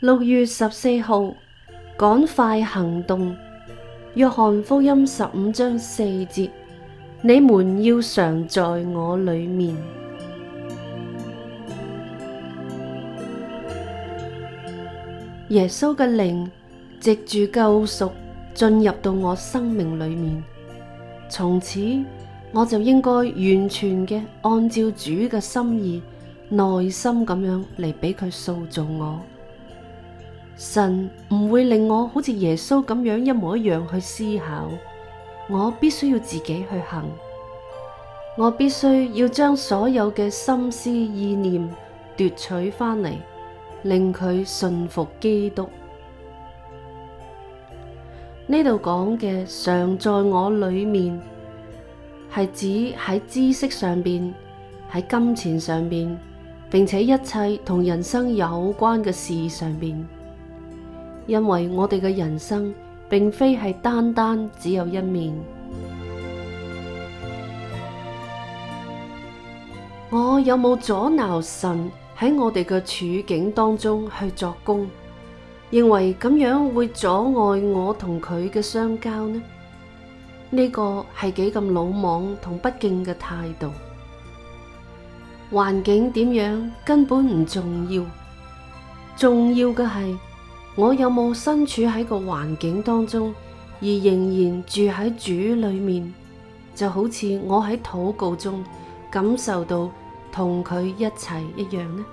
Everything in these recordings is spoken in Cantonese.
六月十四號，趕快行動。約翰福音十五章四節，你們要常在我裏面。耶穌嘅靈藉住救贖進入到我生命裏面，從此我就應該完全嘅按照主嘅心意，內心咁樣嚟畀佢塑造我。神唔會令我好似耶穌咁樣一模一樣去思考，我必須要自己去行，我必須要將所有嘅心思意念奪取翻嚟，令佢順服基督。呢度講嘅常在我裏面，係指喺知識上邊，喺金錢上邊，並且一切同人生有關嘅事上邊。因為我哋嘅人生並非係單單只有一面，我有冇阻撓神喺我哋嘅處境當中去作工？認為咁樣會阻礙我同佢嘅相交呢？呢個係幾咁魯莽同不敬嘅態度。環境點樣根本唔重要，重要嘅係。我有冇身處喺個環境當中，而仍然住喺主裏面，就好似我喺禱告中感受到同佢一齊一樣呢？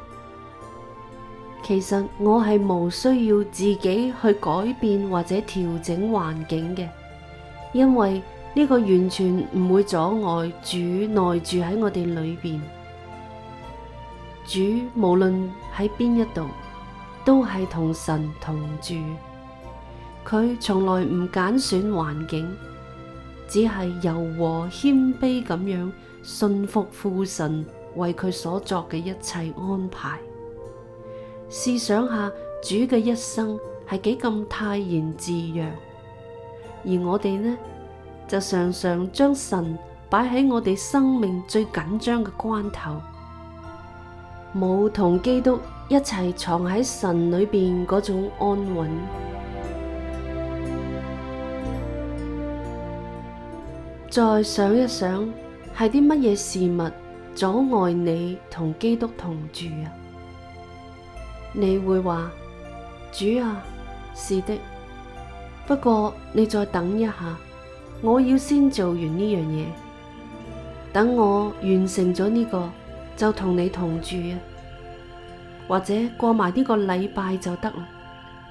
其實我係無需要自己去改變或者調整環境嘅，因為呢個完全唔會阻礙主內住喺我哋裏邊。主無論喺邊一度，都係同神同住，佢從來唔揀選環境，只係柔和謙卑咁樣信服父神為佢所作嘅一切安排。試想下，主嘅一生係幾咁泰然自若，而我哋呢，就常常將神擺喺我哋生命最緊張嘅關頭，冇同基督。一齊藏喺神裏邊嗰種安穩，再想一想係啲乜嘢事物阻礙你同基督同住啊？你會話主啊，是的。不過你再等一下，我要先做完呢樣嘢，等我完成咗呢個，就同你同住啊。或者過埋呢個禮拜就得啦，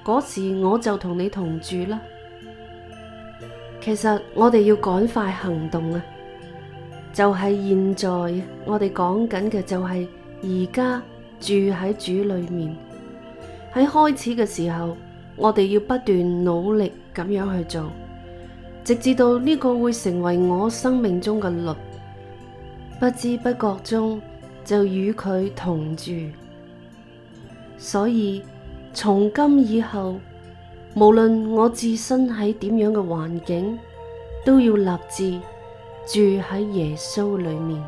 嗰時我就同你同住啦。其實我哋要趕快行動啊！就係現在，我哋講緊嘅就係而家住喺主裏面。喺開始嘅時候，我哋要不斷努力咁樣去做，直至到呢個會成為我生命中嘅律，不知不覺中就與佢同住。所以，從今以後，無論我置身喺點樣嘅環境，都要立志住喺耶穌裏面。